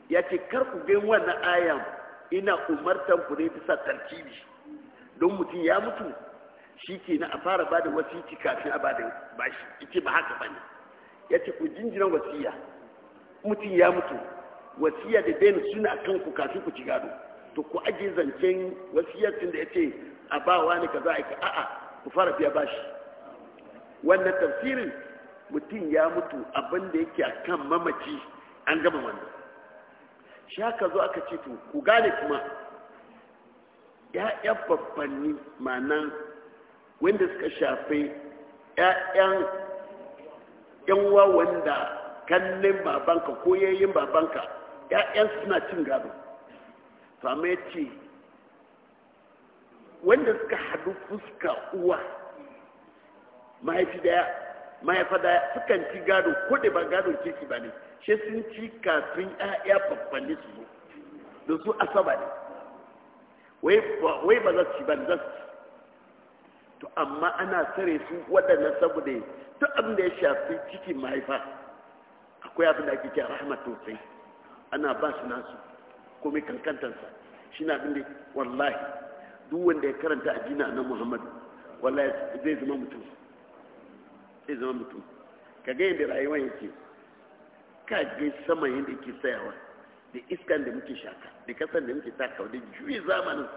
ya ce kar ku wannan ayan ina umartan ku ne bisa tartibi don mutum ya mutu shi ke na a fara ba da wasiki kafin a ba da bashi ita ba haka ba ne ya ce ku jinjiran wasiya mutum ya mutu wasiya da bayan suna a kanku kafin ku ci gado to ku ajiye zancen tun da ya ce a ba wa ne ka za a yi a'a ku fara biya bashi wannan tafsirin mutum ya mutu abin da yake a kan mamaci an gama wannan shi haka zo aka ce to ku gane kuma ya'yan babbanni ma'anan wanda suka shafe ya'yan yanwa wanda kallon babanka ko yayin babanka ya'yan suna cin gado to amma ya ce wanda suka hadu fuska uwa mahaifi daya mahaifa daya sukan ci gado ko da ba gado ki ba ne shi sun ci kafin ya'ya babbanni su zo da su asaba ne wai ba za su ba za su to amma ana tsare su waɗannan saboda ta abin ya shafi cikin mahaifa akwai abin da ake kya rahmat sosai ana ba su nasu komai kankantansa shi na abin wallahi duk wanda ya karanta a jina na muhammadu wallahi zai zama mutum zai zama mutum ka ga yadda rayuwa yake ka ga sama yadda yake tsayawa da iskan da muke shaka da kasan da muke takawa da juyi zamanin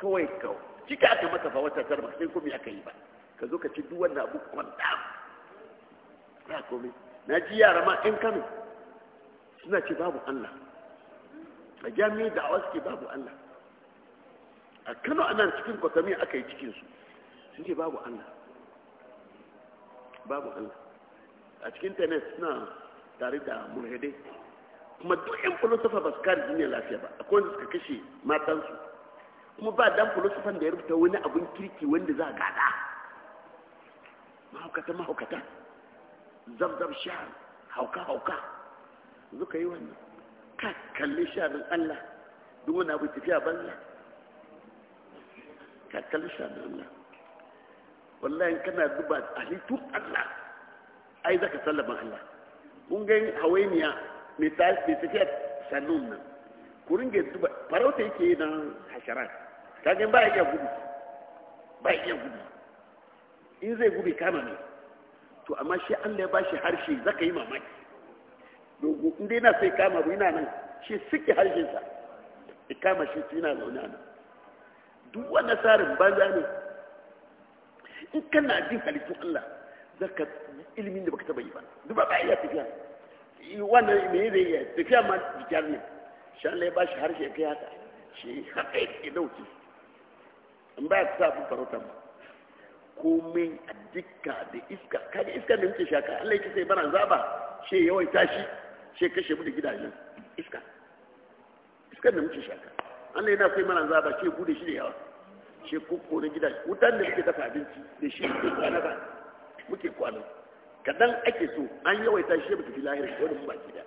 kawai kawo cika aka maka fa wata tarba sai komai aka yi ba ka zo ka ci duk wannan abu kwanta ya komai na ji yara ma in kano suna ce babu allah a jami'ai da awa suke babu allah a kano a nan cikin kwatami aka yi cikinsu sun ce babu allah babu allah a cikin tenet suna tare da mulhidai kuma duk yan filosofa ba su kare duniya lafiya ba akwai wanda suka kashe matansu kuma ba dan filosofan da ya rubuta wani abun kirki wanda za a gada mahaukata mahaukata zabzab shahar hauka hauka zuka yi wannan ka kalli shaharin allah duk wani abu tafiya banza ka kalli shaharin allah wallahi kana duba halittun allah ai zaka sallama allah kun ga hawainiya mai tafiya sannun nan ku ringa duba farauta yake yi nan hasharar kagin ba iya gudu ba iya gudu in zai gudu kama ne to amma shi an ya ba shi harshe zaka yi mamaki dogo in dai na sai kama bu yana nan shi suke harshensa ya kama shi su yana zaune nan duk wannan tsarin banza ne in kana jin halittun Allah zaka ilimin da baka taba yi ba duk ba iya tafiya wannan ne ne yi tafiya ma bikyar ne shan lai ba shi harshe kai haka shi haka yake dauki in ba ya sa abin farauta ba komai a dukka da iska kaga iska da muke shaka Allah yake sai bana zaba shi yawai tashi shi kashe mu da gidajen iska iska da muke shaka Allah yana sai mana zaba shi bude shi da yawa shi kokko na gidaje wutan da muke dafa abinci da shi muke kwana ba muke kwana kadan ake so an yawaita shi mutu lahira ko wani mu baki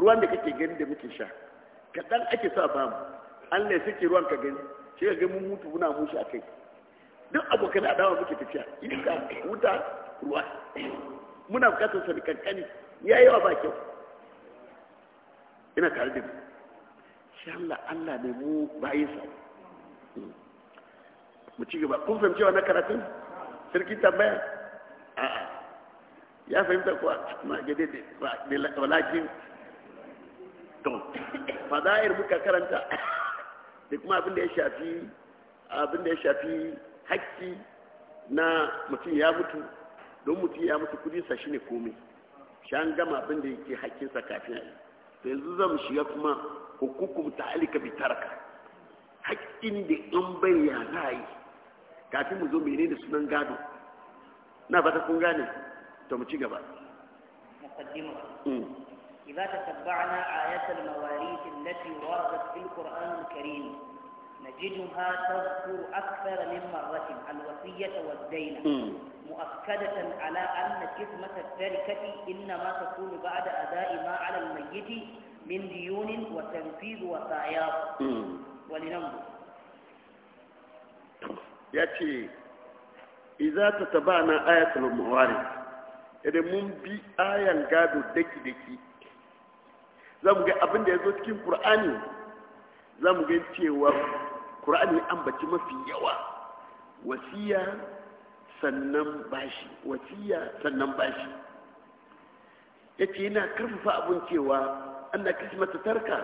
ruwan da kake gani da muke sha kadan ake so a bamu an ya suke ruwan ka gani shi ka ga mun mutu muna mushi kai duk abokan adawa muke tafiya iska wuta ruwa muna bukatar sa da kankani ya yawa ba kyau ina tare da mu shi Allah Allah ne mu bayi sa mu ci gaba kun fahimci wannan karatun sarki tambaya a'a ya fahimta kuwa ma gade da walakin to fada'ir muka karanta da kuma abin da ya shafi abin da ya shafi hakki na mutum ya mutu don mutum ya mutu kudinsa shine komai shi an gama abin da yake hakkinsa kafin a yi to yanzu zan shiga kuma hukukum ta alika bi taraka hakkin da an bai ya kafin mu zo menene sunan gado na ta kun gane to mu ci gaba muqaddima إذا تتبعنا آية المواريث التي وردت في القرآن الكريم نجدها تذكر أكثر من مرة الوصية والدين مؤكدة على أن كثمة التركة إنما تكون بعد أداء ما على الميت من ديون وتنفيذ وصاياه ولننظر يأتي إذا تتبعنا آية الموارث yadda mun bi ayan gado daki-daki za mu ga abin da ya zo cikin ƙur'ani za mu ga cewa ƙur'ani an baci mafi yawa wasiya sannan bashi wasiya sannan bashi ya ce yana karfafa abin cewa an da kismata tarka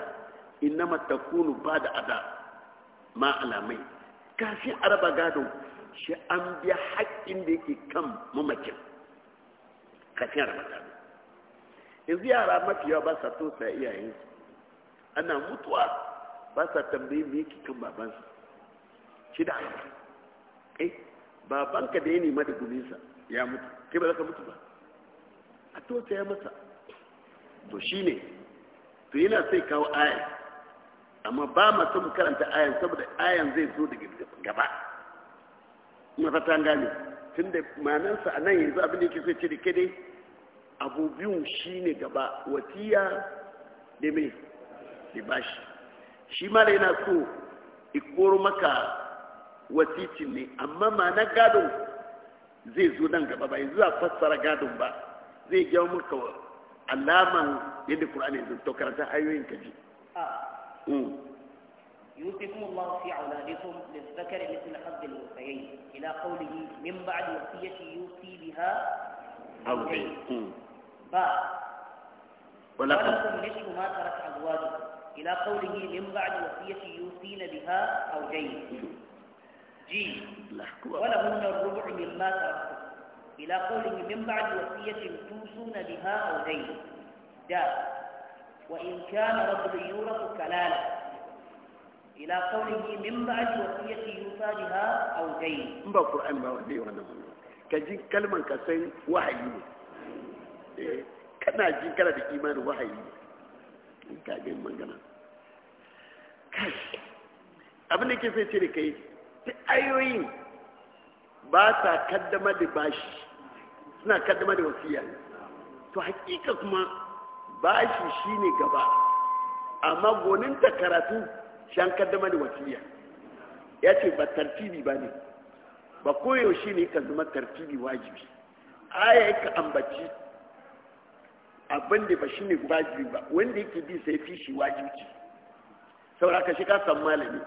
innama takunu ba da ada ma alamai kafin araba gado shi an biya haƙƙin da yake kan mamakin. karshen ramadan yanzu yara mafi basa tu sa iya hizi ana mutuwa basa sa tambayi me kan babansa shi eh babanka da ya nema ya mutu kai ba za ka mutu ba a tosa ya masa to shi ne to yana sai kawo ayan amma ba masu son karanta ayan saboda ayan zai zo daga gaba mafata gane tun da manansa a nan yanzu abin da yake sai cire kede abu biyun shi ne gaba watiya da mai da bashi shi ma da yana so ikoro maka watitin ne amma ma na gado zai zo nan gaba ba yanzu a fassara gadon ba zai gyawo maka alaman yadda kur'an yanzu to karanta ayoyin kaji. Ah. Mm. يوصيكم الله في أولادكم للذكر مثل حظ الوفيين إلى قوله من بعد وصية يوصي بها أو باء ولكم نصف ما ترك أزواجكم إلى قوله من بعد وصية يوصين بها أو جيد جي ولهن الربع مما تركتم إلى قوله من بعد وصية توصون بها أو دين دال وإن كان رجل يورث كلالة ila qawlihi min ba'di wasiyati yusa biha aw dayn in ba qur'ani ba wanda yawan ka ji kalman ka san wahayi ne kana ji kana da imanin wahayi ne ka ga magana abin da ke sai ce da kai ta ayoyin ba sa kaddama da bashi suna kaddama da wasiya to hakika kuma bashi shine gaba amma goninta karatu shi an kaddama da wasiya ya ce ba tartibi ba ne ba koyaushe ne ka zama tartibi wajibi aya ka ambaci abin da ba shi ne wajibi ba wanda yake bi sai fi shi wajibi saboda ka shiga san malami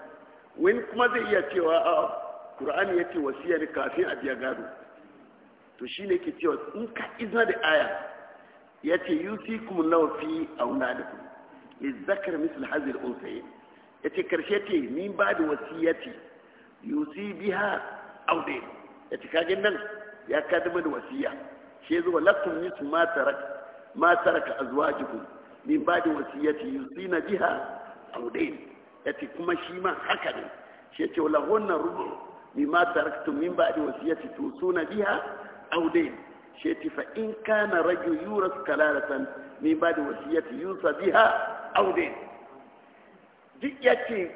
wani kuma zai iya cewa a ƙur'ani ya ce wasiya ne kafin a biya gado to shi ne ke cewa in ka izina da aya ya ce yusi kuma nawa fi auna da ku ya izakar misal hazir unsayin ya ce karshe ce min ba da wasiyati yusi biha aude ya ce kagin nan ya kadama da wasiya shi zuwa lakum nisu ma taraka ma taraka azwajukum min ba da wasiyati yusi na biha aude ya ce kuma shi ma haka ne shi ce wala wannan rubu ni ma taraktum min ba da wasiyati tusuna biha aude shi ce fa in kana rajul yuras kalalatan min ba da wasiyati yusa biha aude duk ya ce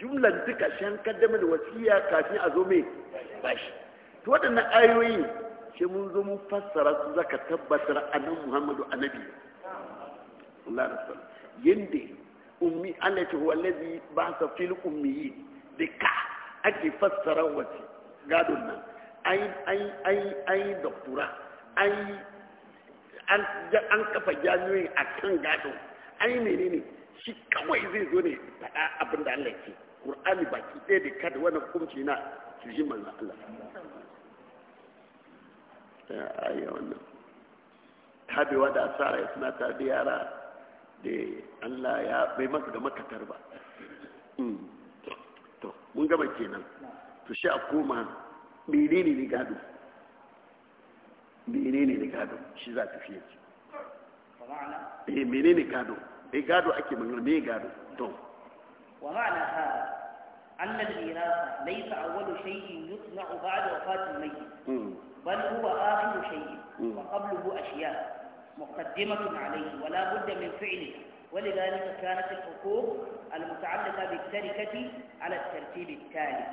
jumlan duka shan kaddama da wasiya kafin a zo mai bashi to waɗannan ayoyi sai mun zo mun fassara su zaka tabbatar annan muhammadu annabi Allah rasul yanda ummi Allah ta huwa allazi ba sa fil ummiyi da ka ake fassara wasi gadon nan ai ai ai ai doktora ai an kafa jami'oyi akan gado ai menene shi kawai zai zo ne faɗa abin da Allah ke ba ki ɗaya da kada wannan kumci na su ji Allah ya ayya wannan tabewa da asara ya suna ta da yara da Allah ya bai masa ga makatar ba hmm. to mun gama kenan to shi a koma menene ne gado Mene ne gado shi za ta fiye eh ne gado eh gado ake magana me gado to wa ma'ana hada anna al-mirasa laysa awwalu shay'in yusna'u ba'da wafati al-mayyit hmm. bal huwa akhiru shay'in hmm. wa qabluhu ashiya' مقدمة عليه ولا بد من فعله ولذلك كانت الحقوق المتعلقة بالتركة على الترتيب التالي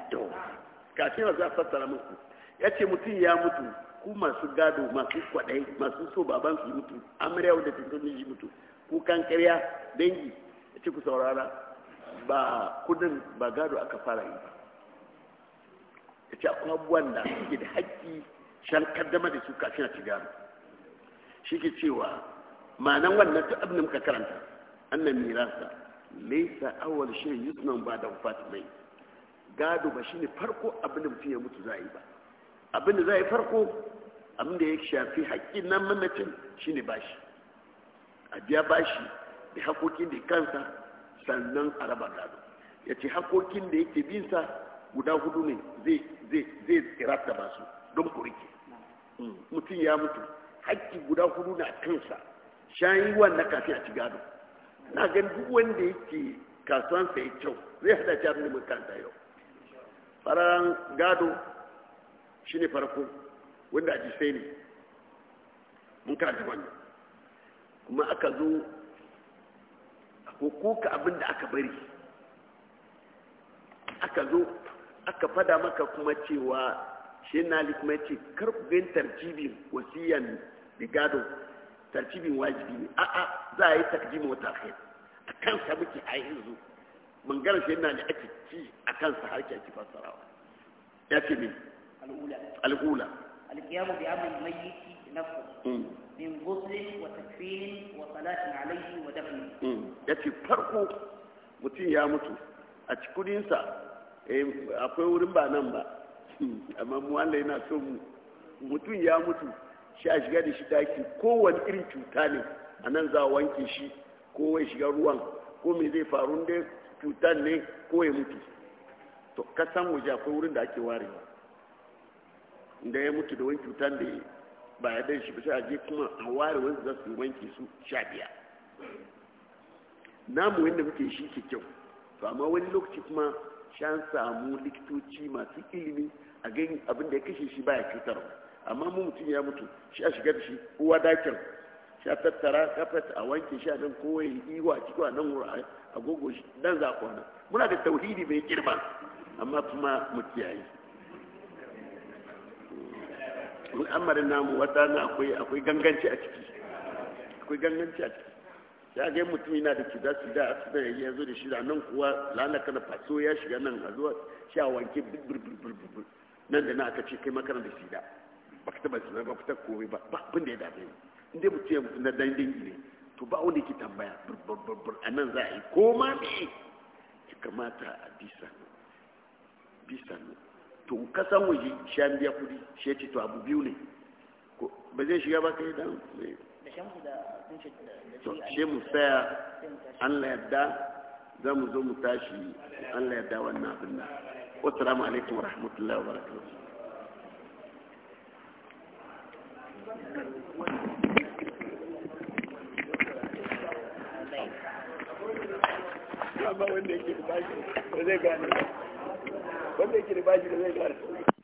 كثيرا za fassara muku yace mutum ya mutu ku masu gado masu kwadai masu so baban su mutu amarya da tuntun yi mutu kukan karya dangi yi ce saurara ba kudin ba gado aka fara yi ba ya ce akwai abubuwan da suke da haƙƙi shan kaddama da su kafin a ci gado shi ke cewa ma'anan wannan ta abin da muka karanta annan mirasa laisa awal shi yusnan ba da wufat mai gado ba shine farko abin da mutum ya mutu za a yi ba abin da za a yi farko abin da ya shafi haƙƙin nan mamacin shine bashi a biya bashi da hakokin da kansa sannan a raba gado ya ce hakokin da yake binsa guda hudu ne zai tsirata ba su don kurike hmm, mutum ya mutu hakki guda hudu na kansa shayi na kafin a ci gado na gan duk wanda yake kasuwansa ya kyau zai hada ci abin da kansa yau fararen gado shine farko wanda a sai ne mun karanta wannan kuma aka zo hukuka abin da aka bari aka zo aka fada maka kuma cewa shi na likuma ya ce karkubin tarjibin wasiyan rigado tarjibin wajibi ne a'a za a yi tarjibin wata akai a kansa muke a yanzu mangarar shi na ake ci a kansa har ake fassarawa ya ce ne al'ula al'ula al'ula al'ula al'ula al' نفسه من غسل وتكفين وصلاة عليه ودفن mutum ya mutu a cikininsa akwai wurin ba nan ba amma mu na yana so mu mutum ya mutu shi a shiga da shi daki kowane irin cuta ne a nan za a wanke shi ko shiga ruwan ko me zai faru da cutan ne ko ya mutu to kasan waje akwai wurin da ake ware da ya mutu da wani cutan da ba ya dan shi ba sai a je kuma a ware wanda za su wanke su sha biya namu wanda muke shi ke kyau to amma wani lokaci kuma sha samu likitoci masu ilimi a gani abin da ya kashe shi baya cutar amma mu mutum ya mutu shi a shiga da shi uwa dakin sha tattara kafet a wanke shi a nan kowai iwa a cikin nan wuri a gogo shi dan za muna da tauhidi mai girma amma kuma mutiyayi al'amarin namu wata na akwai akwai ganganci a ciki akwai ganganci a ciki ya ga mutum yana da su da su da ya zo da shi da nan kuwa lalaka na faso ya shiga nan a zuwa shi a wanke birbirbirbir nan da na aka ce kai makaran da sida ba ka taba sida ba ka taba komai ba ba abin da ya dace inda mutum ya mutum na dan dangi ne to ba wanda yake tambaya birbirbirbir a nan za a yi ko ma me ya kamata a bisa bisa ne to kasan waje shi biya kudi shi ce to abu biyu ne ba zai shiga ba kai dan to shi mu tsaya an la yadda za mu zo mu tashi an la yadda wannan abin nan salamu alaikum wa rahmatullahi wa barakatuh amma wanda yake da ba zai gane wanda yake da bashi da zai gane